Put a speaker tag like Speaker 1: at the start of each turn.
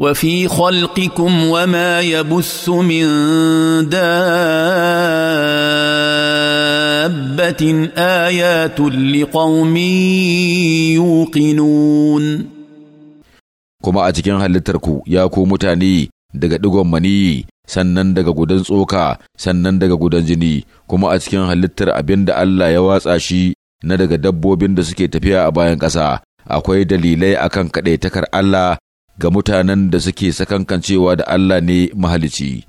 Speaker 1: وفي خلقكم وما يبث من دابه ايات لقوم يوقنون
Speaker 2: kuma a cikin
Speaker 3: halittarku ya ku mutane daga digon mani sannan daga gudan tsoka sannan daga gudan jini kuma a cikin halittar abin da Allah ya watsa shi na daga dabbobin da suke tafiya a bayan ƙasa akwai dalilai akan kaɗaitakar Allah ga mutanen da suke sakankancewa da Allah ne mahalici.